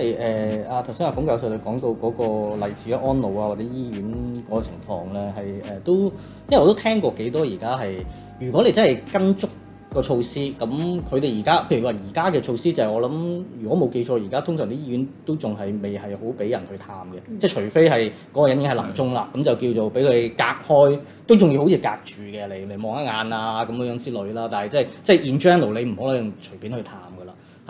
係誒，阿頭先阿龔教授你講到嗰個例子安老啊或者醫院嗰個情況咧，係誒、呃、都，因為我都聽過幾多而家係，如果你真係跟足個措施，咁佢哋而家譬如話而家嘅措施就係、是、我諗，如果冇記錯，而家通常啲醫院都仲係未係好俾人去探嘅，嗯、即係除非係嗰、嗰個人已經係臨終啦，咁、嗯、就叫做俾佢隔開，都仲要好似隔住嘅嚟嚟望一眼啊咁樣樣之類啦。但係即係即係 in general 你唔可能隨便去探。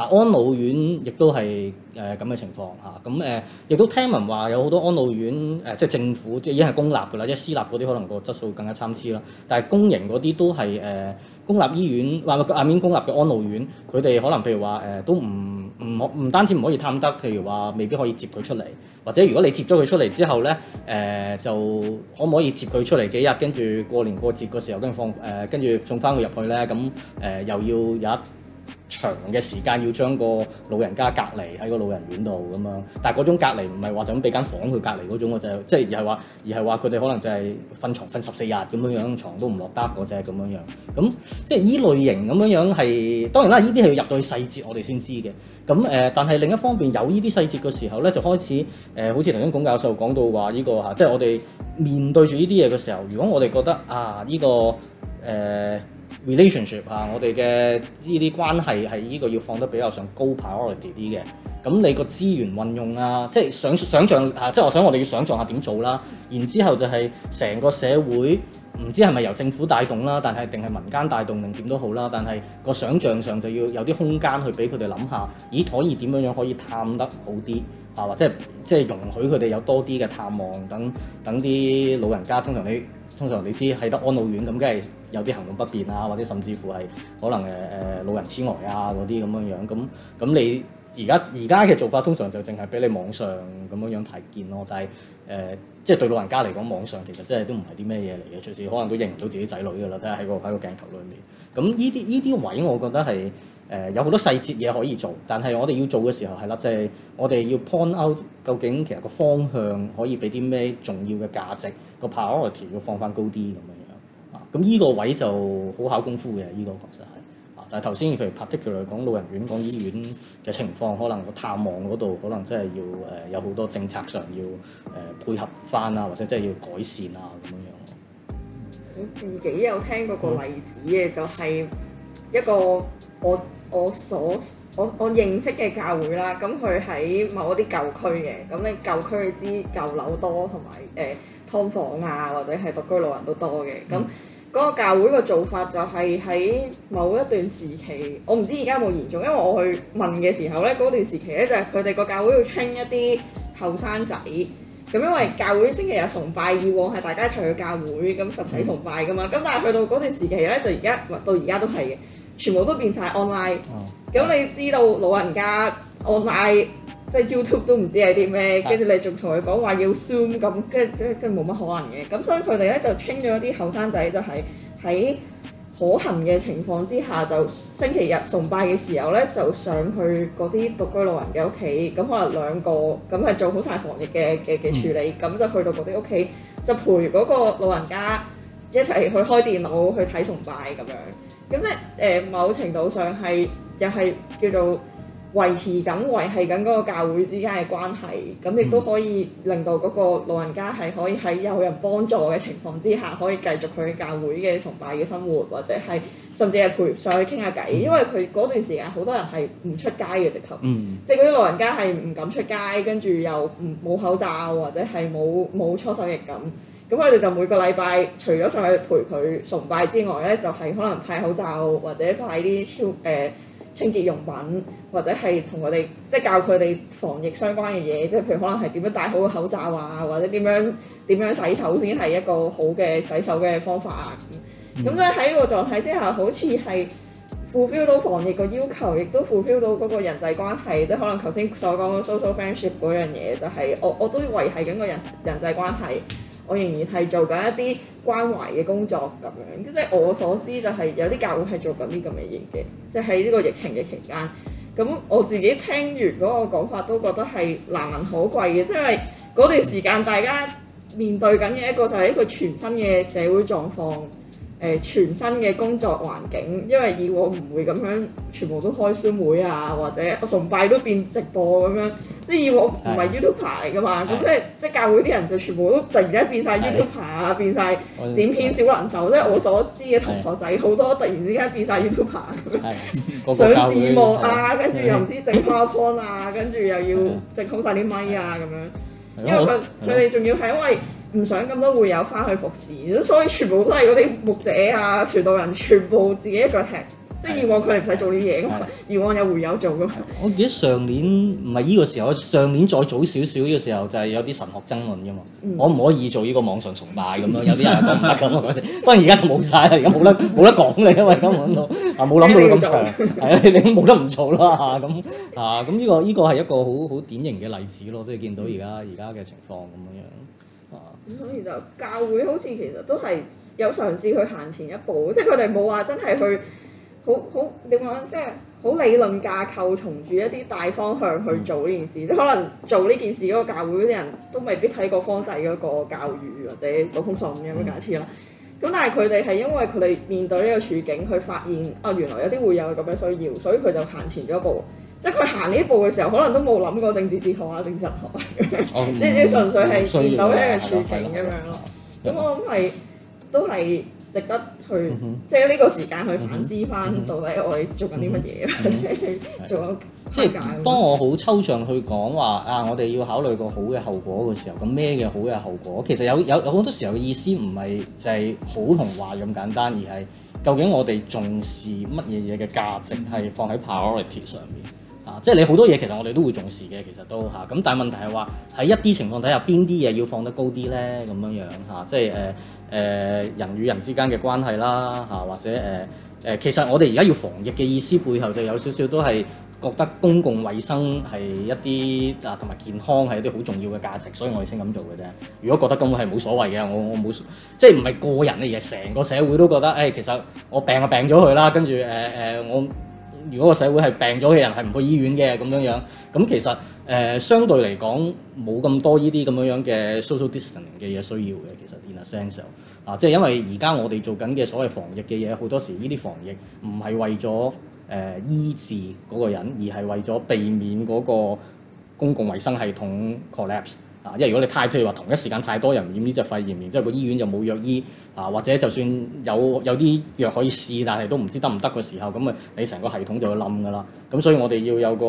啊安老院亦都係誒咁嘅情況嚇，咁誒亦都聽聞話有好多安老院誒，即係政府即係已經係公立㗎啦，即私立嗰啲可能個質素更加參差啦。但係公營嗰啲都係誒，公立醫院或者下面公立嘅安老院，佢哋可能譬如話誒都唔唔可唔單止唔可以探得，譬如話未必可以接佢出嚟，或者如果你接咗佢出嚟之後咧，誒就可唔可以接佢出嚟幾日，跟住過年過節個時候跟住放誒，跟住送翻佢入去咧，咁誒又要有一長嘅時間要將個老人家隔離喺個老人院度咁樣，但係嗰種隔離唔係話就咁俾間房佢隔離嗰種㗎，就即係而係話而係話佢哋可能就係瞓床瞓十四日咁樣樣，床都唔落得個啫咁樣樣。咁即係依類型咁樣樣係，當然啦，呢啲係要入到去細節我哋先知嘅。咁誒、呃，但係另一方面有呢啲細節嘅時候咧，就開始誒、呃，好似頭先龔教授講到話呢、這個嚇，即係我哋面對住呢啲嘢嘅時候，如果我哋覺得啊呢、這個誒。呃 relationship 啊，relationship，我哋嘅呢啲關係係呢個要放得比較上高 priority 啲嘅。咁你個資源運用啊，即係想想像啊，即係我想我哋要想像下點做啦。然之後就係成個社會唔知係咪由政府帶動啦，但係定係民間帶動定點都好啦。但係個想像上就要有啲空間去俾佢哋諗下，咦，可以點樣樣可以探得好啲啊？或者即係容許佢哋有多啲嘅探望，等等啲老人家。通常你通常你知喺得安老院咁，梗係。有啲行動不便啊，或者甚至乎係可能誒誒、呃、老人痴呆啊嗰啲咁樣樣，咁咁你而家而家嘅做法通常就淨係俾你網上咁樣樣睇見咯，但係誒即係對老人家嚟講，網上其實真係都唔係啲咩嘢嚟嘅，隨時可能都認唔到自己仔女噶啦，即係喺個喺個鏡頭裏面。咁呢啲依啲位我覺得係誒、呃、有好多細節嘢可以做，但係我哋要做嘅時候係啦，即、就、係、是、我哋要 point out 究竟其實個方向可以俾啲咩重要嘅價值，個 priority 要放翻高啲咁樣。咁呢個位就好考功夫嘅，呢、這個確實係啊！但係頭先，譬如 particular 講，老人院、講醫院嘅情況，可能個探望嗰度，可能真係要誒有好多政策上要誒配合返啊，或者真係要改善啊咁樣樣。我自己有聽過個例子嘅，嗯、就係一個我我所我我認識嘅教會啦，咁佢喺某一啲舊區嘅，咁你舊區你知舊樓多同埋誒劏房啊，或者係獨居老人都多嘅，咁。嗯嗰個教會個做法就係喺某一段時期，我唔知而家有冇嚴重，因為我去問嘅時候，呢段時期呢，就係佢哋個教會要 train 一啲後生仔，咁因為教會星期日崇拜以往係大家一齊去教會咁實體崇拜㗎嘛，咁但係去到嗰段時期呢，就而家到而家都係嘅，全部都變晒 online，哦。咁你知道老人家 online？即係 YouTube 都唔知係啲咩，跟住你仲同佢講話要 Zoom 咁，跟即即冇乜可能嘅，咁所以佢哋咧就 train 咗啲後生仔，就係喺、就是、可行嘅情況之下，就星期日崇拜嘅時候咧，就上去嗰啲獨居老人嘅屋企，咁可能兩個，咁係做好晒防疫嘅嘅嘅處理，咁就去到嗰啲屋企，就陪嗰個老人家一齊去開電腦去睇崇拜咁樣，咁即係誒、呃、某程度上係又係叫做，維持緊維繫緊嗰個教會之間嘅關係，咁亦都可以令到嗰個老人家係可以喺有人幫助嘅情況之下，可以繼續佢教會嘅崇拜嘅生活，或者係甚至係陪上去傾下偈，因為佢嗰段時間好多人係唔出街嘅直頭，即係嗰啲老人家係唔敢出街，跟住又唔冇口罩或者係冇冇搓手液咁，咁佢哋就每個禮拜除咗上去陪佢崇拜之外咧，就係、是、可能派口罩或者派啲超誒。呃清潔用品，或者係同佢哋即係教佢哋防疫相關嘅嘢，即係譬如可能係點樣戴好個口罩啊，或者點樣點樣洗手先係一個好嘅洗手嘅方法啊。咁所以喺呢個狀態之下，好似係 fulfill 到防疫個要求，亦都 fulfill 到嗰個人際關係，即係可能頭先所講嘅 social friendship 嗰樣嘢，就係、是、我我都維係緊個人人際關係。我仍然係做緊一啲關懷嘅工作咁樣，即係我所知就係有啲教會係做緊啲咁嘅嘢嘅，即係喺呢個疫情嘅期間。咁我自己聽完嗰個講法都覺得係難能可貴嘅，即係嗰段時間大家面對緊嘅一個就係一個全新嘅社會狀況，誒、呃、全新嘅工作環境，因為以往唔會咁樣全部都開宣會啊，或者個崇拜都變直播咁樣。知我唔係 YouTuber 嚟㗎嘛？咁即係即係教會啲人就全部都突然間變晒 YouTuber 啊，變晒剪片小能手。即係我所知嘅同學仔好多突然之間變晒 YouTuber，上字幕啊，跟住又唔知整 PowerPoint 啊，跟住又要整好晒啲咪啊咁樣。因為佢佢哋仲要係因為唔想咁多會友翻去服事，所以全部都係嗰啲牧者啊、傳道人全部自己一腳踢。即以往佢哋唔使做啲嘢噶嘛，的以往有會友做噶嘛。我記得上年唔係呢個時候，上年再早少少呢個時候就係有啲神學爭論噶嘛。嗯、我唔可以做呢個網上崇拜咁樣，有啲人講唔得咁啊。不過而家就冇晒啦，而家冇得冇得講啦，因為咁揾到啊冇諗到咁長，係啦， 你都冇得唔做啦咁嚇咁，呢個依、這個係一個好好典型嘅例子咯，即係見到而家而家嘅情況咁樣樣啊。咁所以就教會好似其實都係有嘗試去行前一步，即係佢哋冇話真係去。好好點講，即係好理論架構，從住一啲大方向去做呢件事，嗯、即係可能做呢件事嗰個教會嗰啲人都未必睇過方濟嗰個教育或者嗰封信咁樣假設啦。咁、嗯、但係佢哋係因為佢哋面對呢個處境，佢發現啊、哦、原來有啲會有咁嘅需要，所以佢就行前咗一步。即係佢行呢一步嘅時候，可能都冇諗過政治哲學啊、政治神學啊， 即係純粹係見到呢個處境咁樣咯。咁我諗係都係值得。去，嗯、即係呢個時間去反思翻，到底我哋做緊啲乜嘢，做咗、嗯嗯嗯、 即係當我好抽象去講話啊，我哋要考慮個好嘅後果嘅時候，咁咩嘅好嘅後果？其實有有有好多時候嘅意思唔係就係好同壞咁簡單，而係究竟我哋重視乜嘢嘢嘅價值係放喺 priority 上面，即係你好多嘢其實我哋都會重視嘅，其實都吓，咁，但係問題係話喺一啲情況底下，邊啲嘢要放得高啲咧，咁樣樣嚇，即係誒誒人與人之間嘅關係啦嚇，或者誒誒、呃、其實我哋而家要防疫嘅意思背後就有少少都係覺得公共衛生係一啲啊，同埋健康係一啲好重要嘅價值，所以我哋先咁做嘅啫。如果覺得根本係冇所謂嘅，我我冇即係唔係個人嘅，而係成個社會都覺得誒、哎，其實我病就病咗佢啦，跟住誒誒我。如果個社會係病咗嘅人係唔去醫院嘅咁樣樣，咁其實誒相對嚟講冇咁多呢啲咁樣樣嘅 social distancing 嘅嘢需要嘅，其實,、呃、實 in a sense 啊，即係因為而家我哋做緊嘅所謂防疫嘅嘢，好多時呢啲防疫唔係為咗誒、呃、醫治嗰個人，而係為咗避免嗰個公共衞生系統 collapse。啊，因為如果你太，譬如話同一時間太多人染呢隻肺炎，然之後個醫院又冇藥醫，啊或者就算有有啲藥可以試，但係都唔知得唔得嘅時候，咁啊你成個系統就會冧㗎啦。咁、嗯、所以我哋要有個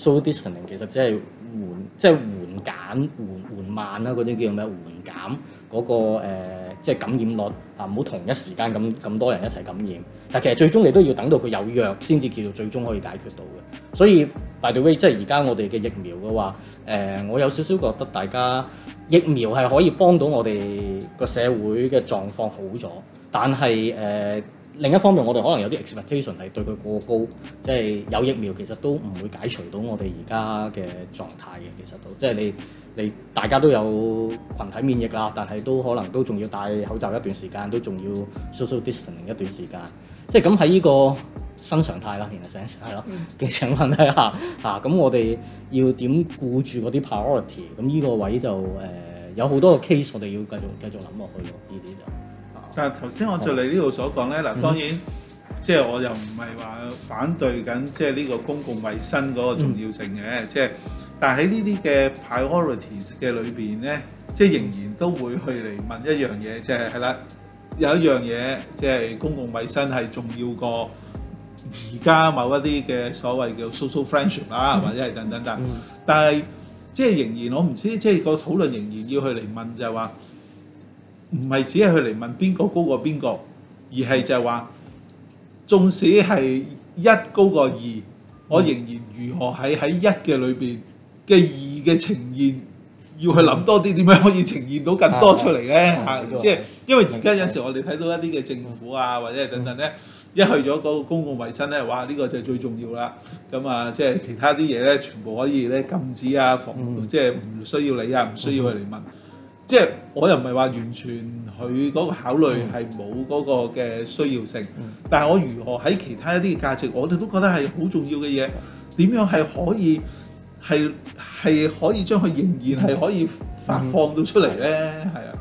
social distancing，其實只係緩，即係緩減、緩緩慢啦，嗰啲叫咩？緩減嗰個即係、呃即係、感染率啊，唔好同一時間咁咁多人一齊感染。但其實最終你都要等到佢有藥，先至叫做最終可以解決到嘅。所以。By the way, 即係而家我哋嘅疫苗嘅話，誒、呃，我有少少覺得大家疫苗係可以幫到我哋個社會嘅狀況好咗，但係誒、呃、另一方面，我哋可能有啲 expectation 係對佢過高，即係有疫苗其實都唔會解除到我哋而家嘅狀態嘅，其實都即係你你大家都有群體免疫啦，但係都可能都仲要戴口罩一段時間，都仲要 social distancing 一段時間，即係咁喺呢個。新常態啦，其實成曬咯，嘅請問一下嚇，咁、 啊、我哋要點顧住嗰啲 priority？咁呢個位就誒、呃、有好多個 case，我哋要繼續繼續諗落去咯，呢啲就。啊、但係頭先我就嚟呢度所講咧，嗱、嗯、當然即係、就是、我又唔係話反對緊即係呢個公共衞生嗰個重要性嘅，即係、嗯就是、但係喺呢啲嘅 priorities 嘅裏邊咧，即、就、係、是、仍然都會去嚟問一樣嘢，即係係啦有一樣嘢即係公共衞生係重要過，而家某一啲嘅所謂叫 social friendship 啦，或者係等等等，但係即係仍然我唔知，即係個討論仍然要去嚟問就係話，唔係只係去嚟問邊個高過邊個，而係就係話，縱使係一高過二，我仍然如何喺喺一嘅裏邊嘅二嘅呈現，要去諗多啲點樣可以呈現到更多出嚟咧嚇，即係因為而家有時我哋睇到一啲嘅政府啊，或者係等等咧。一去咗嗰公共衞生咧，哇！呢、這個就最重要啦。咁啊，即係其他啲嘢咧，全部可以咧禁止啊，防、嗯、即係唔需要你啊，唔需要佢嚟問。嗯、即係我又唔係話完全佢嗰個考慮係冇嗰個嘅需要性，嗯、但係我如何喺其他一啲價值，我哋都覺得係好重要嘅嘢。點樣係可以係係可以將佢仍然係可以發放到出嚟咧？係啊、嗯。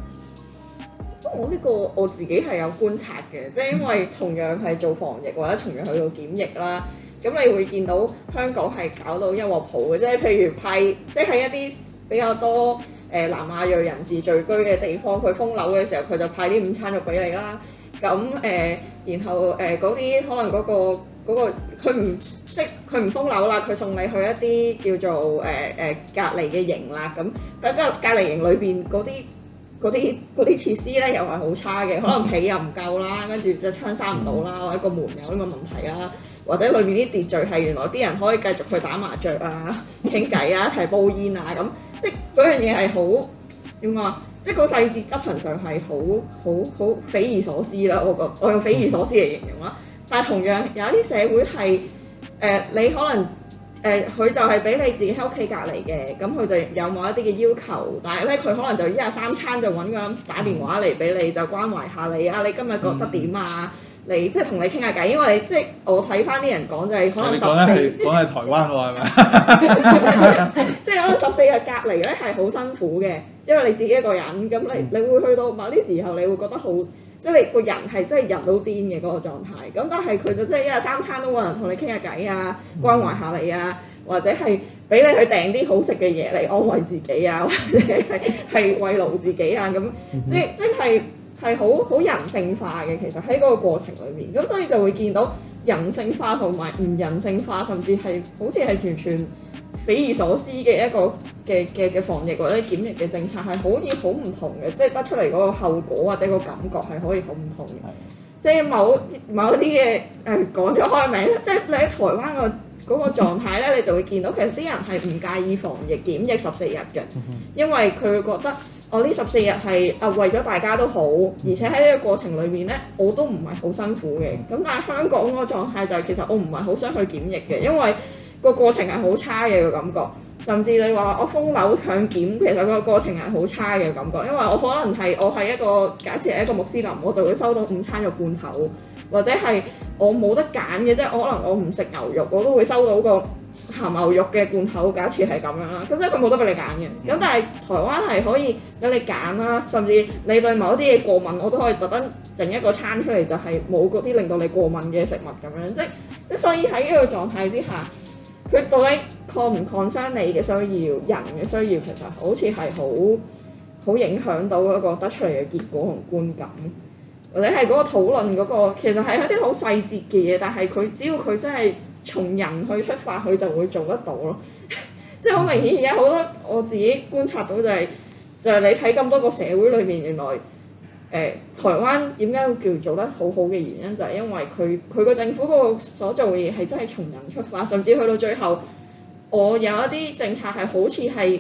我呢、哦，這個我自己係有觀察嘅，即係因為同樣係做防疫或者同樣去到檢疫啦，咁你會見到香港係搞到一鑊泡嘅，即係譬如派，即係一啲比較多誒、呃、南亞裔人士聚居嘅地方，佢封樓嘅時候，佢就派啲午餐肉俾你啦。咁誒、呃，然後誒嗰啲可能嗰、那個佢唔即佢唔封樓啦，佢送你去一啲叫做誒誒、呃呃、隔離嘅營啦。咁嗰個隔離營裏邊嗰啲。嗰啲啲設施咧又係好差嘅，可能被又唔夠啦，跟住隻窗閂唔到啦，或者個門有呢個問題啦、啊，或者裡面啲秩序係原來啲人可以繼續去打麻雀啊、傾偈啊、一齊煲煙啊咁，即係嗰樣嘢係好點講啊？即係好、個、細節執行上係好好好匪夷所思啦！我覺我用匪夷所思嚟形容啦。但係同樣有一啲社會係誒、呃、你可能。誒佢、呃、就係俾你自己喺屋企隔離嘅，咁佢就有冇一啲嘅要求？但係咧，佢可能就一日三餐就揾個人打電話嚟俾你，就關懷下你啊！你今日覺得點啊？嗯、你即係同你傾下偈，因為你即係、就是、我睇翻啲人講就係可能十四講係台灣喎，係咪？即係可能十四日隔離咧係好辛苦嘅，因為你自己一個人咁，你、嗯、你會去到某啲時候，你會覺得好。即係你個人係真係人都癲嘅嗰個狀態，咁但係佢就真係一日三餐都冇人同你傾下偈啊，關懷下你啊，或者係俾你去訂啲好食嘅嘢嚟安慰自己啊，或者係係慰勞自己啊，咁即即係係好好人性化嘅其實喺嗰個過程裏面，咁所以就會見到人性化同埋唔人性化，甚至係好似係完全匪夷所思嘅一個，嘅嘅嘅防疫或者檢疫嘅政策係可以好唔同嘅，即係得出嚟嗰個後果或者個感覺係可以好唔同嘅的、哎。即係某某啲嘅誒講咗開名啦，即係你喺台灣個嗰個狀態咧，你就會見到其實啲人係唔介意防疫檢疫十四日嘅，因為佢會覺得我呢十四日係啊為咗大家都好，而且喺呢個過程裏面咧我都唔係好辛苦嘅。咁 但係香港個狀態就係其實我唔係好想去檢疫嘅，因為個過程係好差嘅、個感覺。甚至你話我封樓強檢，其實個過程係好差嘅感覺，因為我可能係我係一個假設係一個穆斯林，我就會收到午餐肉罐頭，或者係我冇得揀嘅啫，即係我可能我唔食牛肉，我都會收到個鹹牛肉嘅罐頭，假設係咁樣啦，咁即係佢冇得俾你揀嘅。咁但係台灣係可以俾你揀啦，甚至你對某一啲嘢過敏，我都可以特登整一個餐出嚟，就係冇嗰啲令到你過敏嘅食物咁樣，即即所以喺呢個狀態之下，佢到底關唔關心？你嘅需要，人嘅需要，其實好似係好好影響到嗰個得出嚟嘅結果同觀感。或者係嗰個討論嗰個，其實係一啲好細節嘅嘢，但係佢只要佢真係從人去出發，佢就會做得到咯。即係好明顯而家好多我自己觀察到就係、是、就係、是、你睇咁多個社會裏面，原來誒、呃、台灣點解會叫做得好好嘅原因，就係、是、因為佢佢個政府嗰個所做嘅嘢係真係從人出發，甚至去到最後。我有一啲政策係好似係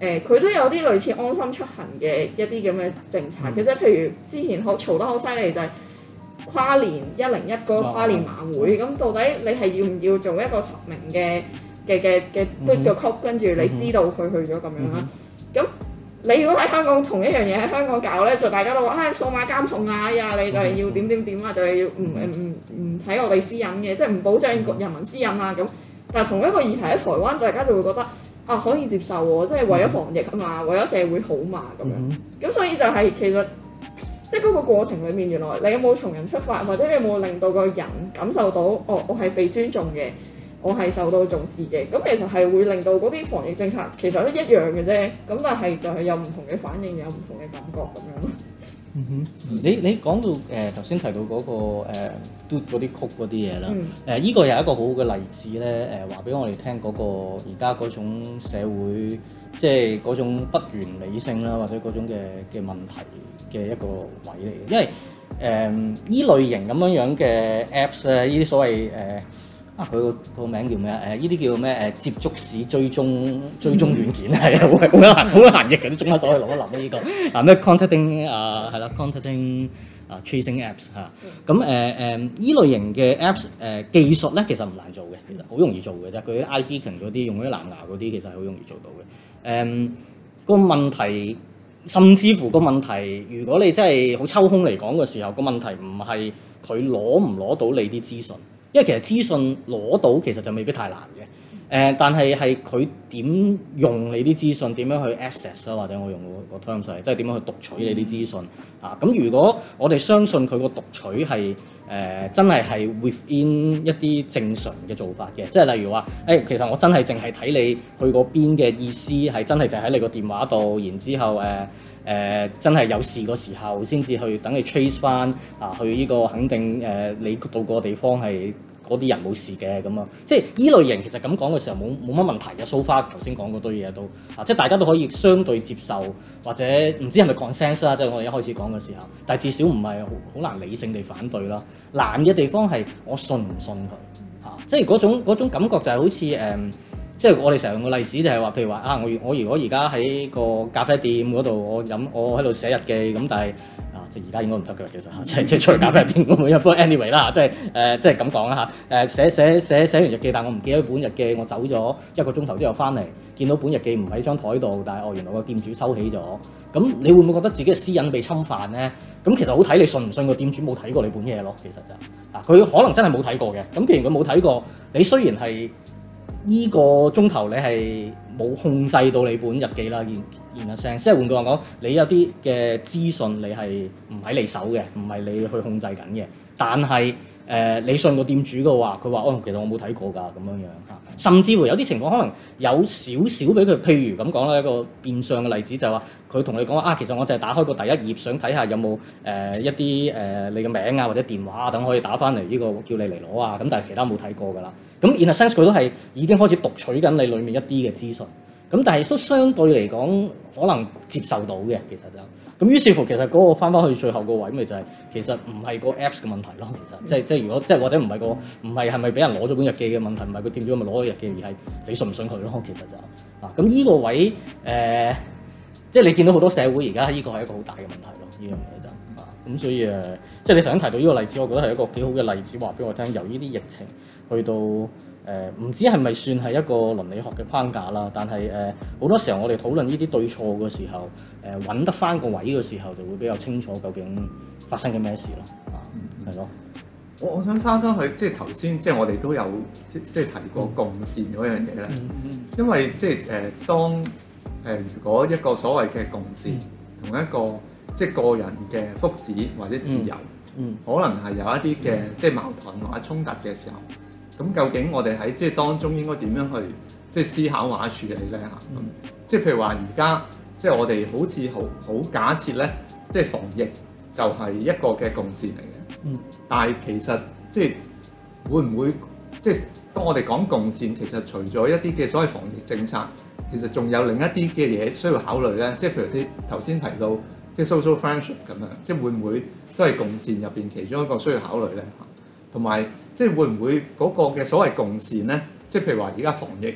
誒，佢、呃、都有啲類似安心出行嘅一啲咁嘅政策嘅即係。嗯、譬如之前好嘈得好犀利就係跨年一零一嗰個跨年晚會，咁、嗯嗯、到底你係要唔要做一個實名嘅嘅嘅嘅嘟嘅曲，跟住你知道佢去咗咁樣啦。咁、嗯嗯嗯嗯、你如果喺香港同一樣嘢喺香港搞咧，就大家都話唉、哎，數碼監控啊，哎呀，你就係要點點點啊，就係、是、要唔唔唔唔睇我哋私隱嘅，即係唔保障人民私隱啊咁。嗯但同一個議題喺台灣，大家就會覺得啊可以接受喎，即係為咗防疫啊嘛，為咗社會好嘛咁樣。咁、mm hmm. 所以就係、是、其實即係嗰個過程裏面，原來你有冇從人出發，或者你有冇令到個人感受到，哦我係被尊重嘅，我係受到重視嘅。咁其實係會令到嗰啲防疫政策其實都一樣嘅啫。咁但係就係有唔同嘅反應，有唔同嘅感覺咁樣。嗯哼、mm hmm. mm hmm.，你你講到誒頭先提到嗰、那個誒 do 嗰啲曲嗰啲嘢啦，誒呢、mm hmm. 呃這個又係一個好好嘅例子咧，誒話俾我哋聽嗰個而家嗰種社會，即係嗰種不完美性啦，或者嗰種嘅嘅問題嘅一個位嚟嘅，因為誒呢、呃、類型咁樣樣嘅 apps 咧，呢啲所謂誒。呃啊！佢個個名叫咩啊？誒，呢啲叫咩？誒，接觸史追蹤追蹤軟件係好難好難譯嘅，啲中一所以諗一諗呢個啊咩？Contacting 啊，係啦，Contacting 啊，Tracing Apps 嚇。咁誒誒，依類型嘅 Apps 誒技術咧，其實唔難做嘅，其實好容易做嘅啫。佢啲 ID Token 嗰啲，用啲藍牙嗰啲，其實係好容易做到嘅。誒個問題，甚至乎個問題，如果你真係好抽空嚟講嘅時候，個問題唔係佢攞唔攞到你啲資訊。因為其實資訊攞到其實就未必太難嘅，誒、呃，但係係佢點用你啲資訊，點樣去 access 啊？或者我用個個 term，即係點樣去讀取你啲資訊啊？咁如果我哋相信佢個讀取係誒、呃、真係係 within 一啲正常嘅做法嘅，即係例如話，誒、哎，其實我真係淨係睇你去嗰邊嘅意思係真係就喺你個電話度，然之後誒。呃誒、呃、真係有事嗰時候，先至去等你 trace 翻啊，去呢個肯定誒、呃，你到個地方係嗰啲人冇事嘅咁啊，即係依類型其實咁講嘅時候冇冇乜問題嘅。So far 頭先講嗰堆嘢都啊，即係大家都可以相對接受，或者唔知係咪 consensus 啊？即係我哋一開始講嘅時候，但係至少唔係好好難理性地反對啦。難嘅地方係我信唔信佢嚇、啊，即係嗰種，種感覺就係好似誒。嗯即係我哋成日用個例子就係話，譬如話啊，我我如果而家喺個咖啡店嗰度，我飲我喺度寫日記咁，但係啊，即係而家應該唔得嘅啦，其實即係出嚟咖啡店咁啊。不過 anyway 啦，即係誒、呃，即係咁講啦嚇。誒、啊，寫寫寫寫完日記，但係我唔記得本日記，我走咗一個鐘頭之後翻嚟，見到本日記唔喺張枱度，但係哦，原來個店主收起咗。咁你會唔會覺得自己嘅私隱被侵犯咧？咁其實好睇你信唔信個店主冇睇過你本嘢咯，其實就是、啊，佢可能真係冇睇過嘅。咁既然佢冇睇過，你雖然係。呢個鐘頭，你係冇控制到你本日記啦，in a sense，即係換句話講，你有啲嘅資訊，你係唔喺你手嘅，唔係你去控制緊嘅，但係。誒、呃，你信個店主嘅話，佢話哦，其實我冇睇過㗎，咁樣樣嚇。甚至乎有啲情況，可能有少少俾佢，譬如咁講咧，一個變相嘅例子就係話，佢同你講啊，其實我淨係打開個第一頁，想睇下有冇誒、呃、一啲誒、呃、你嘅名啊，或者電話啊等可以打翻嚟呢個叫你嚟攞啊。咁但係其他冇睇過㗎啦。咁 In essence 佢都係已經開始讀取緊你裡面一啲嘅資訊。咁但係都相對嚟講，可能接受到嘅其實就。咁於是乎其實嗰個翻翻去最後個位，咪就係其實唔係個 Apps 嘅問題咯，其實即係即係如果即係或者唔係個唔係係咪俾人攞咗本日記嘅問題，唔係佢掂咗咪攞咗日記，而係你信唔信佢咯，其實就啊、是，咁呢個位誒、呃，即係你見到好多社會而家呢個係一個好大嘅問題咯，呢樣嘢就啊、是，咁所以誒，即係你頭先提到呢個例子，我覺得係一個幾好嘅例子話俾我聽，由呢啲疫情去到。誒唔知係咪算係一個倫理學嘅框架啦，但係誒好多時候我哋討論呢啲對錯嘅時候，誒揾得翻個位嘅時候就會比較清楚究竟發生緊咩事咯，係咯。我我想翻返去即係頭先，即係我哋都有即係提過共識嗰樣嘢啦，因為即係誒當誒如果一個所謂嘅共識同一個即係個人嘅福祉或者自由，嗯，可能係有一啲嘅即係矛盾或者衝突嘅時候。咁究竟我哋喺即係當中應該點樣去即係思考或處理咧嚇？咁即係譬如話而家即係我哋好似好好假設咧，即係防疫就係一個嘅共善嚟嘅。嗯。但係其實即係會唔會即係、就是、當我哋講共善，其實除咗一啲嘅所謂防疫政策，其實仲有另一啲嘅嘢需要考慮咧。即係譬如啲頭先提到即係、就是、social function 咁樣，即、就、係、是、會唔會都係共善入邊其中一個需要考慮咧嚇？同埋。即係會唔會嗰個嘅所謂共善咧？即係譬如話而家防疫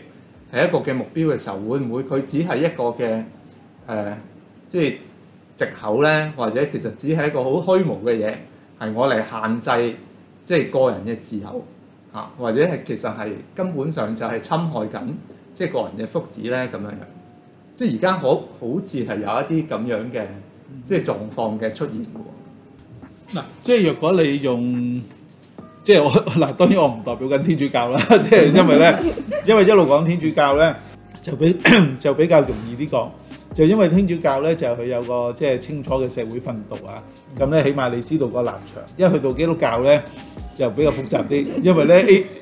係一個嘅目標嘅時候，會唔會佢只係一個嘅誒、呃，即係藉口咧？或者其實只係一個好虛無嘅嘢，係我嚟限制即係個人嘅自由啊？或者係其實係根本上就係侵害緊即係個人嘅福祉咧？咁樣樣，即係而家好好似係有一啲咁樣嘅即係狀況嘅出現喎。嗱、嗯，即係若果你用即係我嗱，當然我唔代表緊天主教啦。即係因為咧，因為一路講天主教咧，就比 就比較容易啲講。就因為天主教咧，就佢有個即係、就是、清楚嘅社會訓導啊。咁咧，起碼你知道個立場。因為去到基督教咧，就比較複雜啲，因為咧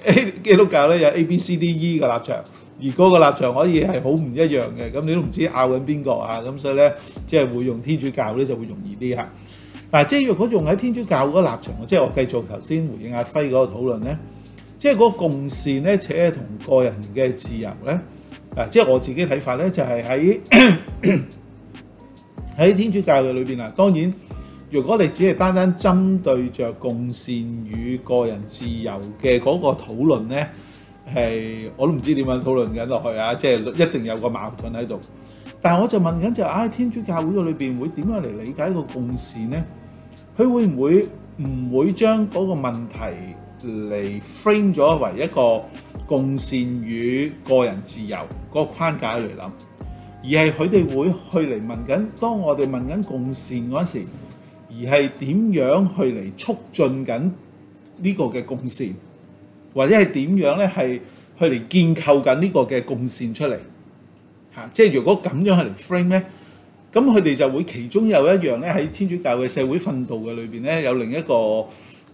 A A 基督教咧有 A B C D E 嘅立場，而嗰個立場可以係好唔一樣嘅。咁你都唔知拗緊邊個啊？咁所以咧，即、就、係、是、會用天主教咧就會容易啲嚇。嗱、啊，即係如果用喺天主教個立場，即係我繼續頭先回應阿輝嗰個討論咧，即係嗰個共善咧，且同個人嘅自由咧，嗱、啊，即係我自己睇法咧，就係喺喺天主教嘅裏邊啊。當然，如果你只係單單針對着共善與個人自由嘅嗰個討論咧，係我都唔知點樣討論緊落去啊！即係一定有個矛盾喺度。但係我就問緊就，唉，天主教會喺裏邊會點樣嚟理解個共善呢？佢會唔會唔會將嗰個問題嚟 frame 咗為一個共善與個人自由嗰個框架嚟諗？而係佢哋會去嚟問緊，當我哋問緊共善嗰陣時，而係點樣去嚟促進緊呢個嘅共善，或者係點樣咧係去嚟建構緊呢個嘅共善出嚟？啊！即係如果咁樣係嚟 frame 咧，咁佢哋就會其中有一樣咧，喺天主教嘅社會奮鬥嘅裏邊咧，有另一個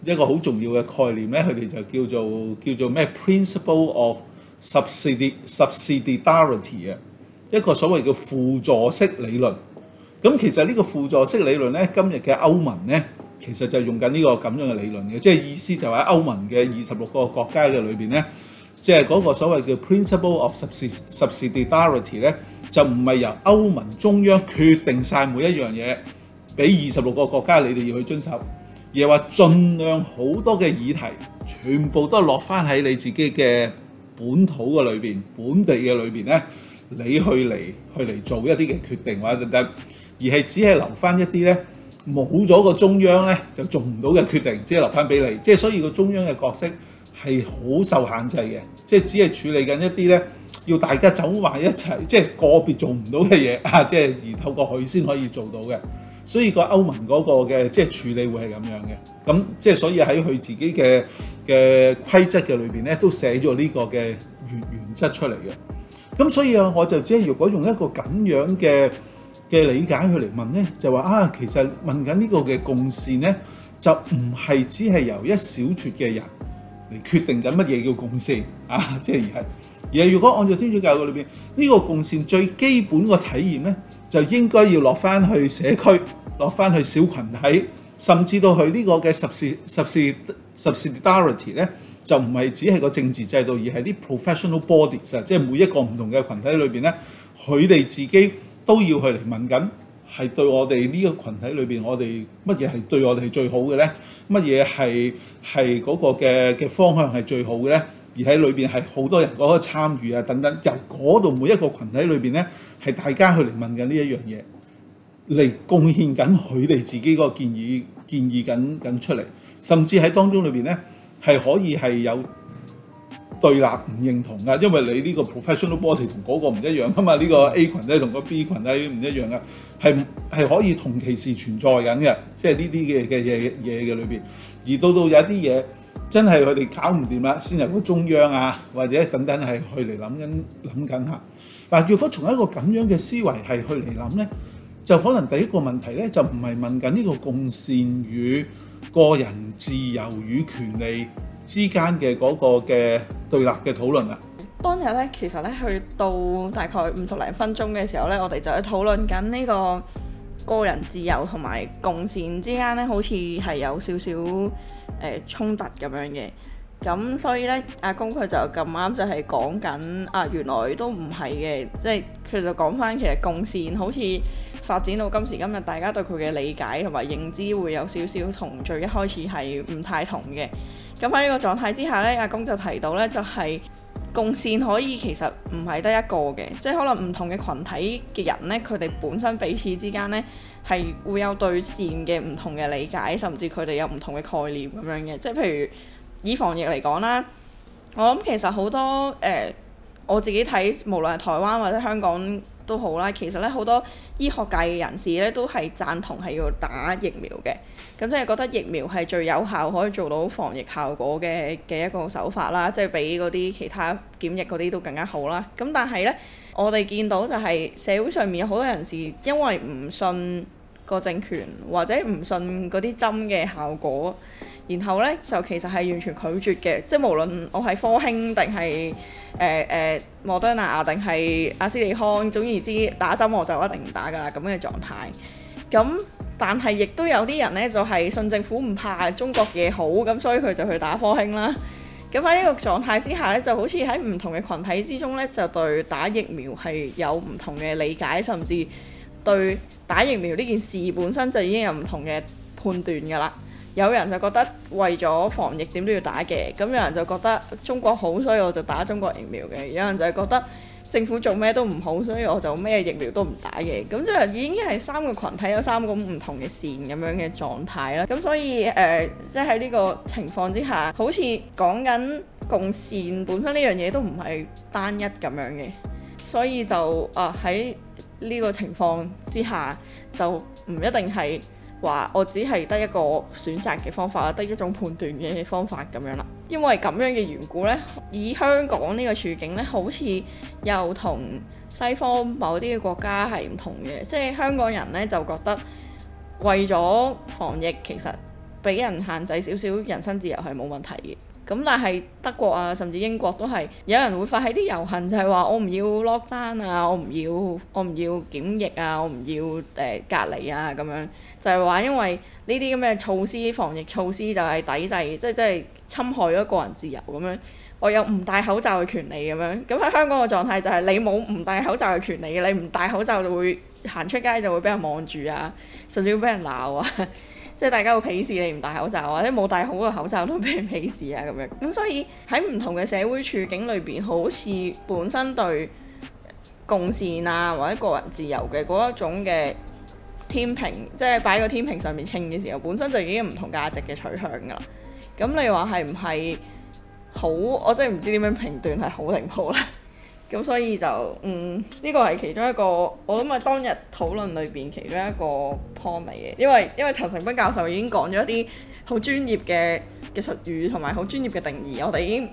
一個好重要嘅概念咧，佢哋就叫做叫做咩？Principle of subsidi subsidiarity 啊，一個所謂嘅輔助式理論。咁其實呢個輔助式理論咧，今日嘅歐盟咧，其實就用緊呢個咁樣嘅理論嘅，即係意思就係歐盟嘅二十六個國家嘅裏邊咧。即係嗰個所謂叫 principle of subsidiarity 咧，就唔係由歐盟中央決定晒每一樣嘢，俾二十六個國家你哋要去遵守，而係話盡量好多嘅議題，全部都落翻喺你自己嘅本土嘅裏邊、本地嘅裏邊咧，你去嚟去嚟做一啲嘅決定或者等等，而係只係留翻一啲咧冇咗個中央咧就做唔到嘅決定，只係留翻俾你。即係所以個中央嘅角色，係好受限制嘅，即係只係處理緊一啲咧，要大家走埋一齊，即係個別做唔到嘅嘢啊，即係而透過佢先可以做到嘅。所以個歐盟嗰個嘅即係處理會係咁樣嘅，咁即係所以喺佢自己嘅嘅規則嘅裏邊咧，都寫咗呢個嘅原原則出嚟嘅。咁所以啊，我就即係如果用一個咁樣嘅嘅理解去嚟問咧，就話啊，其實問緊呢個嘅共識咧，就唔係只係由一小撮嘅人，嚟決定緊乜嘢叫共善啊！即係而係而係，如果按照天主教會裏邊呢個共善最基本個體驗咧，就應該要落翻去社區，落翻去小群體，甚至到佢呢個嘅十事十事十事 solidarity 咧，就唔係只係個政治制度，而係啲 professional bodies，即係每一個唔同嘅群體裏邊咧，佢哋自己都要去嚟問緊。係對我哋呢個群體裏邊，我哋乜嘢係對我哋係最好嘅咧？乜嘢係係嗰個嘅嘅方向係最好嘅咧？而喺裏邊係好多人嗰個參與啊等等，由嗰度每一個群體裏邊咧，係大家去嚟問緊呢一樣嘢，嚟貢獻緊佢哋自己嗰個建議建議緊緊出嚟，甚至喺當中裏邊咧係可以係有。對立唔認同㗎，因為你呢個 professional body 同嗰個唔一樣㗎嘛，呢個 A 群咧同個 B 群咧唔一樣㗎，係係可以同其時存在緊嘅，即係呢啲嘅嘅嘢嘢嘅裏邊。而到到有啲嘢真係佢哋搞唔掂啦，先入到中央啊，或者等等係去嚟諗緊諗緊嚇。但係如果從一個咁樣嘅思維係去嚟諗咧，就可能第一個問題咧就唔係問緊呢個共善與個人自由與權利。之間嘅嗰個嘅對立嘅討論啊。當日咧，其實咧去到大概五十零分鐘嘅時候咧，我哋就喺討論緊呢個個人自由同埋共善之間咧，好似係有少少誒衝突咁樣嘅。咁所以咧，阿龔佢就咁啱就係講緊啊，原來都唔係嘅，即係佢就講翻其實共善好似發展到今時今日，大家對佢嘅理解同埋認知會有少少同最一開始係唔太同嘅。咁喺呢個狀態之下咧，阿公就提到咧，就係、是、共善可以其實唔係得一個嘅，即係可能唔同嘅群體嘅人咧，佢哋本身彼此之間咧係會有對善嘅唔同嘅理解，甚至佢哋有唔同嘅概念咁樣嘅。即係譬如以防疫嚟講啦，我諗其實好多誒、呃，我自己睇無論係台灣或者香港。都好啦，其實咧好多醫學界嘅人士咧都係贊同係要打疫苗嘅，咁即係覺得疫苗係最有效可以做到防疫效果嘅嘅一個手法啦，即係比嗰啲其他檢疫嗰啲都更加好啦。咁但係咧，我哋見到就係社會上面有好多人士因為唔信個政權或者唔信嗰啲針嘅效果。然後咧就其實係完全拒絕嘅，即係無論我係科興定係誒誒莫德納啊定係阿斯利康，總而之打針我就一定唔打㗎啦，咁嘅狀態。咁但係亦都有啲人咧就係、是、信政府唔怕中國嘢好，咁所以佢就去打科興啦。咁喺呢個狀態之下咧，就好似喺唔同嘅群體之中咧，就對打疫苗係有唔同嘅理解，甚至對打疫苗呢件事本身就已經有唔同嘅判斷㗎啦。有人就覺得為咗防疫點都要打嘅，咁有人就覺得中國好，所以我就打中國疫苗嘅；有人就係覺得政府做咩都唔好，所以我就咩疫苗都唔打嘅。咁即係已經係三個群體有三個唔同嘅線咁樣嘅狀態啦。咁所以誒，即係喺呢個情況之下，好似講緊共線本身呢樣嘢都唔係單一咁樣嘅，所以就啊喺呢個情況之下就唔一定係。話我只係得一個選擇嘅方法，得一種判斷嘅方法咁樣啦。因為咁樣嘅緣故呢，以香港呢個處境呢，好似又同西方某啲嘅國家係唔同嘅。即係香港人呢，就覺得，為咗防疫，其實俾人限制少少人身自由係冇問題嘅。咁但係德國啊，甚至英國都係有人會發起啲遊行，就係話我唔要 lockdown 啊，我唔要我唔要檢疫啊，我唔要誒、uh, 隔離啊咁樣，就係話因為呢啲咁嘅措施、防疫措施就係抵制，即係即係侵害咗個人自由咁樣。我有唔戴口罩嘅權利咁樣。咁喺香港嘅狀態就係你冇唔戴口罩嘅權利，你唔戴口罩就會行出街就會俾人望住啊，甚至會俾人鬧啊。即係大家會鄙視你唔戴口罩或者冇戴好個口罩都俾人鄙視啊咁樣。咁所以喺唔同嘅社會處境裏邊，好似本身對共善啊或者個人自由嘅嗰一種嘅天平，即係擺個天平上面稱嘅時候，本身就已經有唔同價值嘅取向㗎啦。咁你話係唔係好？我真係唔知點樣評斷係好定唔好啦。咁所以就嗯呢，這個係其中一個我諗係當日討論裏邊其中一個 point 嚟嘅，因為因為陳成斌教授已經講咗一啲好專業嘅技術語同埋好專業嘅定義，我哋已經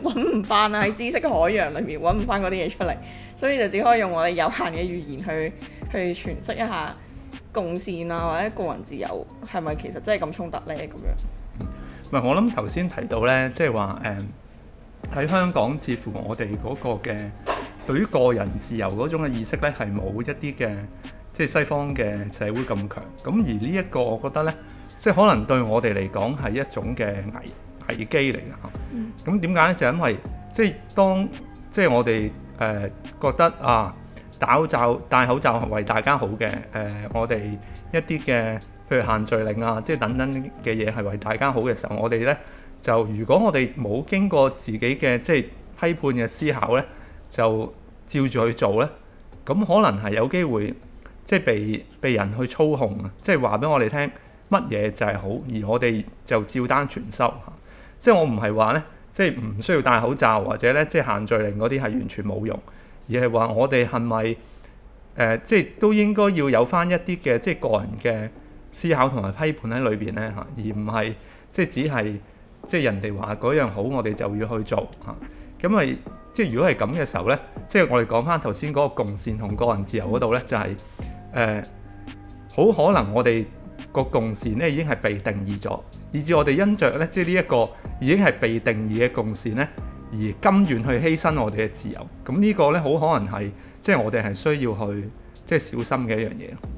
揾唔翻啦，喺知識嘅海洋裏面揾唔翻嗰啲嘢出嚟，所以就只可以用我哋有限嘅語言去去詮釋一下共善啦或者個人自由係咪其實真係咁衝突呢？」咁樣。唔係，嗯、我諗頭先提到呢，即係話誒。嗯喺香港，似乎我哋嗰個嘅對於個人自由嗰種嘅意識咧，係冇一啲嘅，即係西方嘅社會咁強。咁而呢一個我覺得咧，即係可能對我哋嚟講，係一種嘅危危機嚟㗎嚇。咁點解咧？就是、因為即係當即係我哋誒、呃、覺得啊，戴口罩戴口罩係為大家好嘅。誒、呃，我哋一啲嘅譬如限聚令啊，即係等等嘅嘢係為大家好嘅時候，我哋咧。就如果我哋冇經過自己嘅即係批判嘅思考咧，就照住去做咧，咁可能係有機會即係、就是、被被人去操控啊！即係話俾我哋聽乜嘢就係好，而我哋就照單全收即係、就是、我唔係話咧，即係唔需要戴口罩或者咧，即係限聚令嗰啲係完全冇用，而係話我哋係咪誒，即、呃、係、就是、都應該要有翻一啲嘅即係個人嘅思考同埋批判喺裏邊咧嚇，而唔係即係只係。即係人哋話嗰樣好，我哋就要去做吓。咁、嗯、咪即係如果係咁嘅時候呢，即係我哋講翻頭先嗰個共善同個人自由嗰度呢，就係誒好可能我哋個共善呢已經係被定義咗，以致我哋因着呢，即係呢一個已經係被定義嘅共善呢，而甘願去犧牲我哋嘅自由。咁、嗯、呢、呢個呢，好可能係即係我哋係需要去即係小心嘅一樣嘢。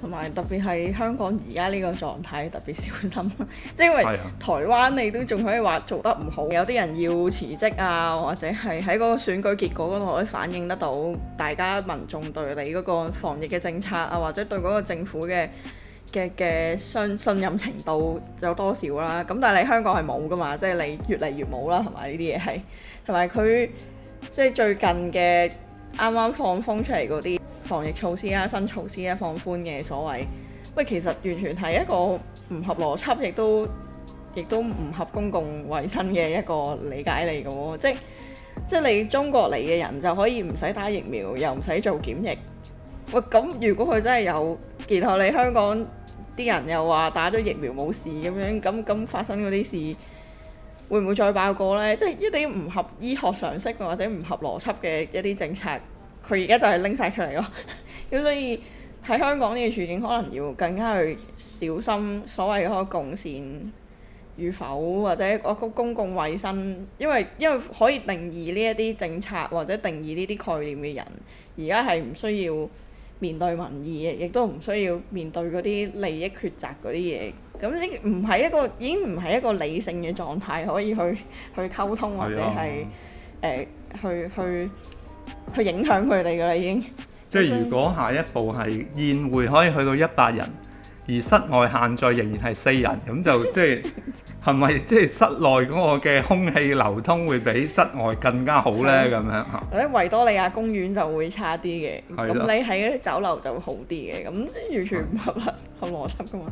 同埋特別係香港而家呢個狀態，特別小心，即 係因為台灣你都仲可以話做得唔好，有啲人要辭職啊，或者係喺嗰個選舉結果嗰度可以反映得到大家民眾對你嗰個防疫嘅政策啊，或者對嗰個政府嘅嘅嘅信信任程度有多少啦。咁但係你香港係冇㗎嘛，即係你越嚟越冇啦，同埋呢啲嘢係，同埋佢即係最近嘅啱啱放風出嚟嗰啲。防疫措施啊、新措施啊、放寬嘅所謂，喂，其實完全係一個唔合邏輯，亦都亦都唔合公共衞生嘅一個理解嚟嘅喎，即係即係你中國嚟嘅人就可以唔使打疫苗，又唔使做檢疫。喂，咁如果佢真係有，然後你香港啲人又話打咗疫苗冇事咁樣，咁咁發生嗰啲事會唔會再爆過咧？即係一啲唔合醫學常識或者唔合邏輯嘅一啲政策。佢而家就係拎晒出嚟咯、 嗯，咁所以喺香港呢個處境可能要更加去小心所謂嗰個共善與否，或者嗰個公共衛生，因為因為可以定義呢一啲政策或者定義呢啲概念嘅人，而家係唔需要面對民意嘅，亦都唔需要面對嗰啲利益抉擇嗰啲嘢，咁呢唔係一個已經唔係一個理性嘅狀態可以去去溝通或者係誒去去。去去影響佢哋㗎啦，已經。即係如果下一步係宴會可以去到一百人，而室外限載仍然係四人，咁就即係係咪即係室內嗰個嘅空氣流通會比室外更加好呢？咁 樣嚇。誒，維多利亞公園就會差啲嘅，咁的你喺啲酒樓就會好啲嘅，咁完全唔合理，係、啊、合邏輯噶嘛。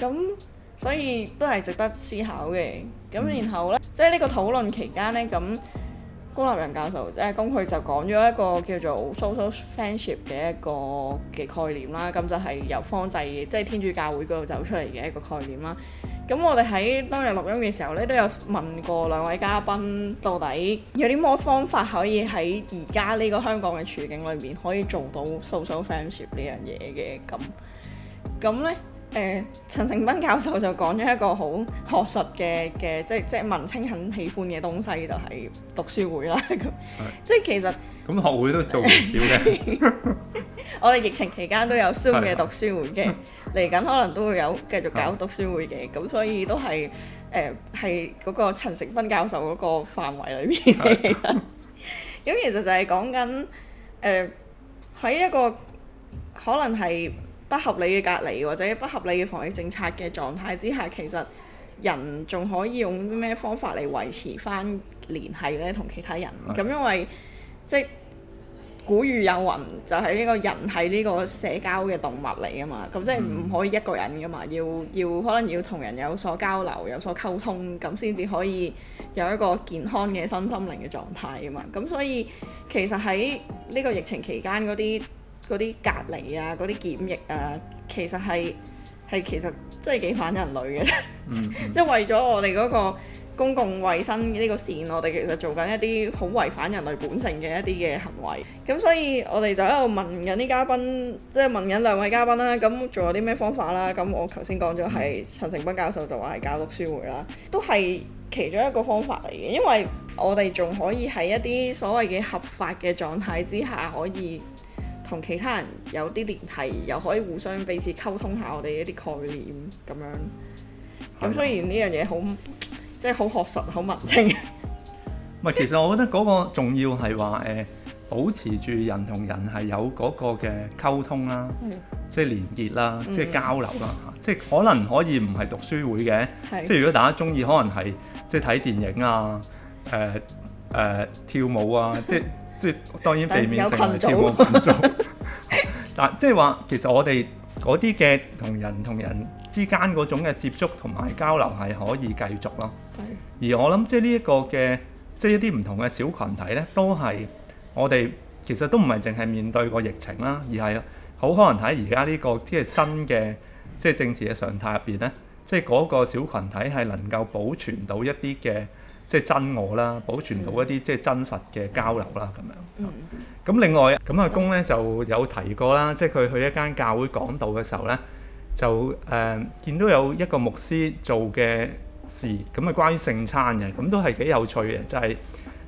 咁所以都係值得思考嘅。咁然後呢，嗯、即係呢個討論期間呢，咁。龔立人教授，誒咁佢就講咗一個叫做 social friendship 嘅一個嘅概念啦，咁就係由方濟，即係天主教會嗰度走出嚟嘅一個概念啦。咁我哋喺當日錄音嘅時候咧，都有問過兩位嘉賓，到底有啲乜方法可以喺而家呢個香港嘅處境裏面可以做到 social friendship 呢樣嘢嘅咁？咁咧？誒、呃、陳成斌教授就講咗一個好學術嘅嘅，即係即係文青很喜歡嘅東西，就係、是、讀書會啦咁。 即係其實咁學會都做唔少嘅。 我哋疫情期間都有 Zoom 嘅讀書會嘅，嚟緊 可能都會有繼續搞讀書會嘅，咁 所以都係誒係嗰個陳成斌教授嗰個範圍裏邊嘅。咁其實就係講緊誒喺一個可能係。不合理嘅隔離或者不合理嘅防疫政策嘅狀態之下，其實人仲可以用啲咩方法嚟維持翻聯繫咧同其他人？咁、嗯、因為即古語有云，就係、是、呢個人係呢個社交嘅動物嚟啊嘛，咁即係唔可以一個人噶嘛，要要可能要同人有所交流、有所溝通，咁先至可以有一個健康嘅身心靈嘅狀態啊嘛。咁、嗯、所以其實喺呢個疫情期間嗰啲。嗰啲隔離啊，嗰啲檢疫啊，其實係係其實真係幾反人類嘅， 即係為咗我哋嗰個公共衞生呢個線，我哋其實做緊一啲好違反人類本性嘅一啲嘅行為。咁所以我哋就喺度問緊啲嘉賓，即係問緊兩位嘉賓啦。咁仲有啲咩方法啦？咁我頭先講咗係陳成斌教授就話係教讀書會啦，都係其中一個方法嚟嘅，因為我哋仲可以喺一啲所謂嘅合法嘅狀態之下可以。同其他人有啲聯繫，又可以互相彼此溝通下我哋一啲概念咁樣。咁的雖然呢樣嘢好，即係好學術、好文青。唔係，其實我覺得嗰個重要係話誒，保持住人同人係有嗰個嘅溝通啦、嗯，即係連結啦，即係交流啦。嗯、即係可能可以唔係讀書會嘅，的即係如果大家鍾意，可能係即係睇電影啊，誒、呃、誒、呃呃、跳舞啊，即係。 即係當然避免成為跳舞群組， 但即係話其實我哋嗰啲嘅同人同人之間嗰種嘅接觸同埋交流係可以繼續咯。是而我諗即係呢一個嘅即係一啲唔同嘅小群體呢，都係我哋其實都唔係淨係面對個疫情啦，而係好可能喺而家呢個即係新嘅即係政治嘅常態入邊呢，即係嗰個小群體係能夠保存到一啲嘅。即係真我啦，保存到一啲即係真實嘅交流啦，咁樣。咁、嗯、另外，咁阿龔咧就有提過啦，即係佢去一間教會講道嘅時候咧，就誒、呃、見到有一個牧師做嘅事，咁啊關於聖餐嘅，咁都係幾有趣嘅，就係、是、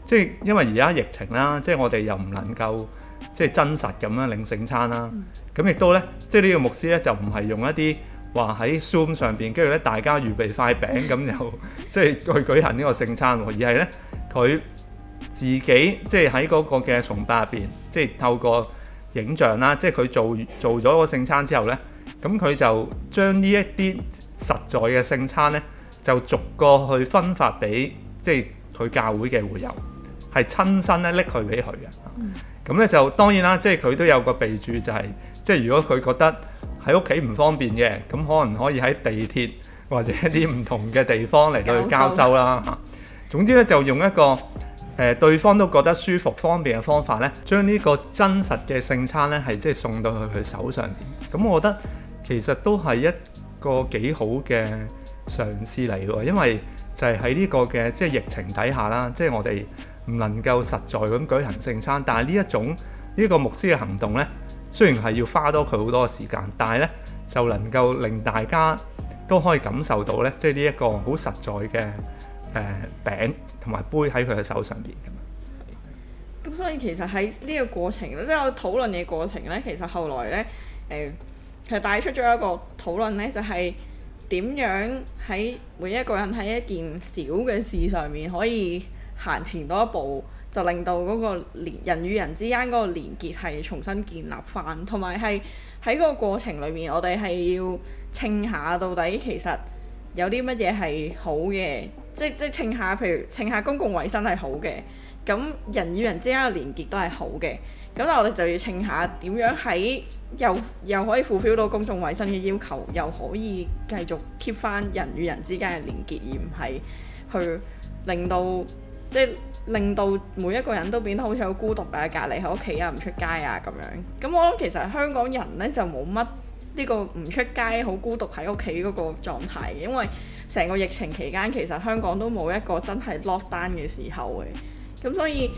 即係因為而家疫情啦，即係我哋又唔能夠即係真實咁樣領聖餐啦。咁亦都咧，即係呢個牧師咧就唔係用一啲。話喺 Zoom 上邊，跟住咧大家預備塊餅，咁又即係去舉行呢個聖餐。而係咧，佢自己即係喺嗰個嘅崇拜入邊，即係透過影像啦，即係佢做做咗個聖餐之後咧，咁佢就將呢一啲實在嘅聖餐咧，就逐個去分發俾即係佢教會嘅會友，係親身咧拎佢俾佢嘅。咁咧、嗯、就當然啦，即係佢都有個備註、就是，就係即係如果佢覺得。喺屋企唔方便嘅，咁可能可以喺地鐵或者一啲唔同嘅地方嚟到去交收啦嚇。 總之咧，就用一個誒、呃、對方都覺得舒服方便嘅方法咧，將呢個真實嘅聖餐咧，係即係送到去佢手上邊。咁我覺得其實都係一個幾好嘅嘗試嚟喎，因為就係喺呢個嘅即係疫情底下啦，即係我哋唔能夠實在咁舉行聖餐，但係呢一種呢、呢個牧師嘅行動咧。雖然係要花多佢好多時間，但係呢，就能夠令大家都可以感受到呢，即係呢一個好實在嘅誒餅同埋杯喺佢嘅手上邊。咁所以其實喺呢個過程，即係我討論嘅過程呢，其實後來呢，誒、呃，其實帶出咗一個討論呢，就係、是、點樣喺每一個人喺一件小嘅事上面可以行前多一步，就令到嗰個連人與人之間嗰個連結係重新建立翻，同埋係喺個過程裏面，我哋係要稱下到底其實有啲乜嘢係好嘅，即即稱下，譬如稱下公共衞生係好嘅，咁人與人之間嘅連結都係好嘅，咁但我哋就要稱下點樣喺又又可以符合到公共衞生嘅要求，又可以繼續 keep 翻人與人之間嘅連結，而唔係去令到即。令到每一個人都變到好似好孤獨啊，隔離喺屋企啊，唔出街啊咁樣。咁我諗其實香港人呢就冇乜呢個唔出街、好孤獨喺屋企嗰個狀態，因為成個疫情期間其實香港都冇一個真係 lockdown 嘅時候嘅。咁所以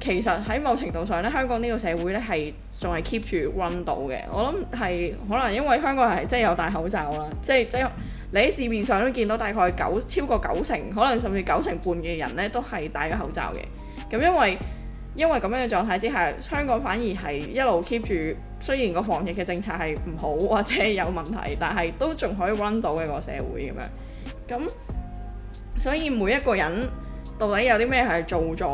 其實喺某程度上呢，香港呢個社會呢係仲係 keep 住溫度嘅。我諗係可能因為香港人係真係有戴口罩啦，即係即係。即係你喺市面上都見到大概九，超過九成，可能甚至九成半嘅人咧都係戴咗口罩嘅。咁因為因為咁樣嘅狀態之下，香港反而係一路 keep 住，雖然個防疫嘅政策係唔好或者有問題，但係都仲可以 run 到嘅個社會咁樣。咁所以每一個人到底有啲咩係做咗誒、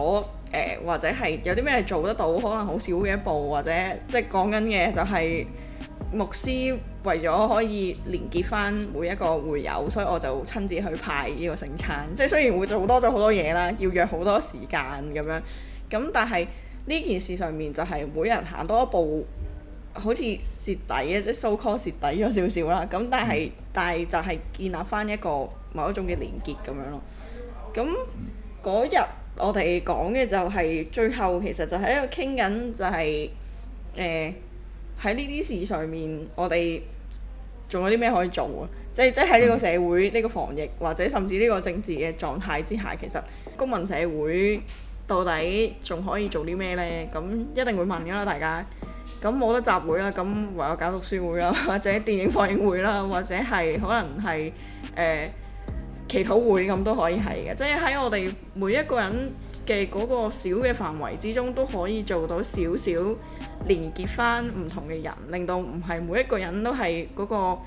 呃，或者係有啲咩做得到，可能好少嘅一步，或者即係講緊嘅就係、是、牧師。為咗可以連結翻每一個會友，所以我就親自去派呢個聖餐。即係雖然會做多咗好多嘢啦，要約好多時間咁樣，咁但係呢件事上面就係每人行多一步，好似蝕底啊，即係、收 call 蝕底咗少少啦。咁但係但係就係建立翻一個某一種嘅連結咁樣咯。咁嗰日我哋講嘅就係、是、最後其實就係一個傾緊就係誒喺呢啲事上面我哋仲有啲咩可以做啊？即係即係喺呢個社會、呢、呢個防疫或者甚至呢個政治嘅狀態之下，其實公民社會到底仲可以做啲咩呢？咁一定會問㗎啦，大家。咁冇得集會啦，咁唯有搞讀書會啦，或者電影放映會啦，或者係可能係誒、呃、祈禱會咁都可以係嘅。即係喺我哋每一個人嘅嗰個小嘅範圍之中，都可以做到少少。連結翻唔同嘅人，令到唔係每一個人都係嗰個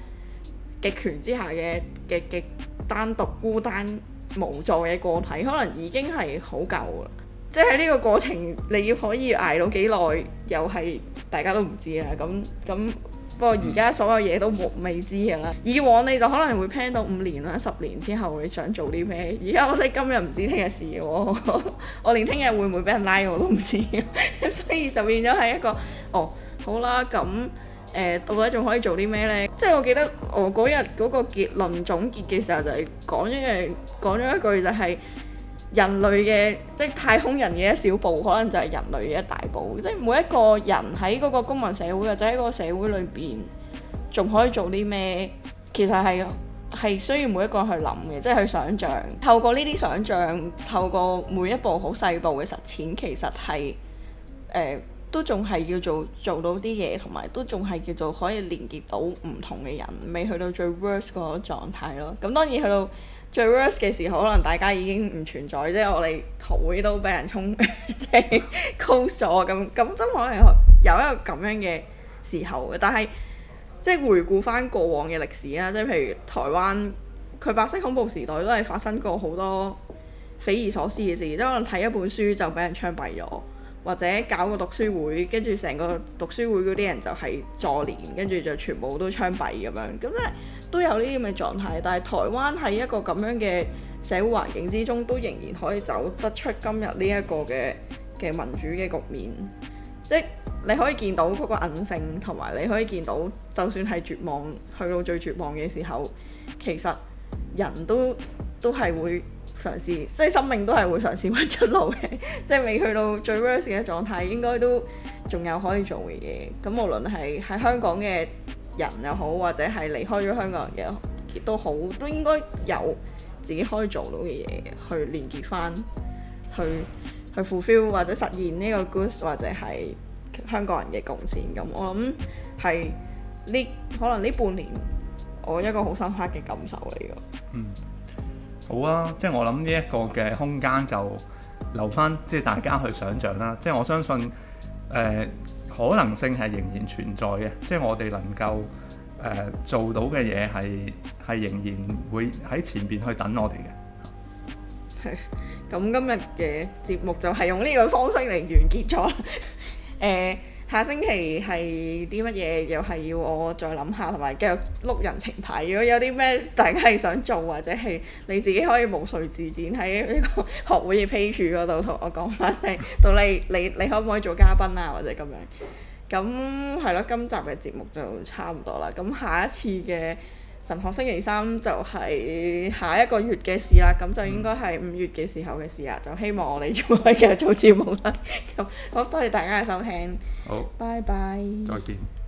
極權之下嘅極極單獨孤單無助嘅個體，可能已經係好夠啦。即係呢個過程，你要可以捱到幾耐，又係大家都唔知啦。咁咁。不過而家所有嘢都冇未知嘅啦。以往你就可能會 plan 到五年啦，十年之後你想做啲咩？而家我哋今日唔知聽日事喎，我連聽日會唔會俾人拉我都唔知，所以就變咗係一個，哦，好啦，咁誒、呃、到底仲可以做啲咩呢？即係我記得我嗰日嗰個結論總結嘅時候就係講咗一句，講咗一句就係、是。人類嘅即係太空人嘅一小步，可能就係人類嘅一大步。即係每一個人喺嗰個公民社會，或者喺個社會裏邊，仲可以做啲咩？其實係係需要每一個人去諗嘅，即係去想像。透過呢啲想像，透過每一步好細步嘅實踐，其實係誒、呃、都仲係叫做做到啲嘢，同埋都仲係叫做可以連結到唔同嘅人，未去到最 worst 嗰個狀態咯。咁當然去到。最 worse 嘅時候，可能大家已經唔存在，即係我哋學會都俾人衝即係 close 咗咁，咁 真可能有一個咁樣嘅時候嘅。但係即係回顧翻過往嘅歷史啦。即係譬如台灣佢白色恐怖時代都係發生過好多匪夷所思嘅事，即係可能睇一本書就俾人槍斃咗。或者搞個讀書會，跟住成個讀書會嗰啲人就係株連，跟住就全部都槍斃咁樣，咁即係都有呢啲咁嘅狀態。但係台灣喺一個咁樣嘅社會環境之中，都仍然可以走得出今日呢一個嘅嘅民主嘅局面。即你可以見到嗰個韌性，同埋你可以見到，就算係絕望，去到最絕望嘅時候，其實人都都係會嘗試，所以生命都係會嘗試揾出路嘅，即係未去到最 worse 嘅狀態，應該都仲有可以做嘅嘢。咁無論係喺香港嘅人又好，或者係離開咗香港人嘅都好，都應該有自己可以做到嘅嘢去連結翻，去去 fulfill 或者實現呢個 goals 或者係香港人嘅貢獻。咁我諗係呢可能呢半年我一個好深刻嘅感受嚟嘅。嗯。好啊，即係我諗呢一個嘅空間就留翻，即係大家去想像啦。即係我相信誒、呃、可能性係仍然存在嘅，即係我哋能夠誒、呃、做到嘅嘢係係仍然會喺前邊去等我哋嘅。咁、嗯、今日嘅節目就係用呢個方式嚟完結咗誒。嗯。下星期係啲乜嘢？又係要我再諗下，同埋繼續碌人情牌。如果有啲咩大家係想做，或者係你自己可以毛遂自薦喺呢個學會嘅 page 嗰度同我講返聲，到你你你，你可唔可以做嘉賓啊？或者咁樣。咁係咯，今集嘅節目就差唔多啦。咁下一次嘅。神學星期三就係下一個月嘅事啦，咁就應該係五月嘅時候嘅事啦。嗯、就希望我哋仲可以繼續做節目啦。咁 好，多謝大家嘅收聽，好。拜拜。再見。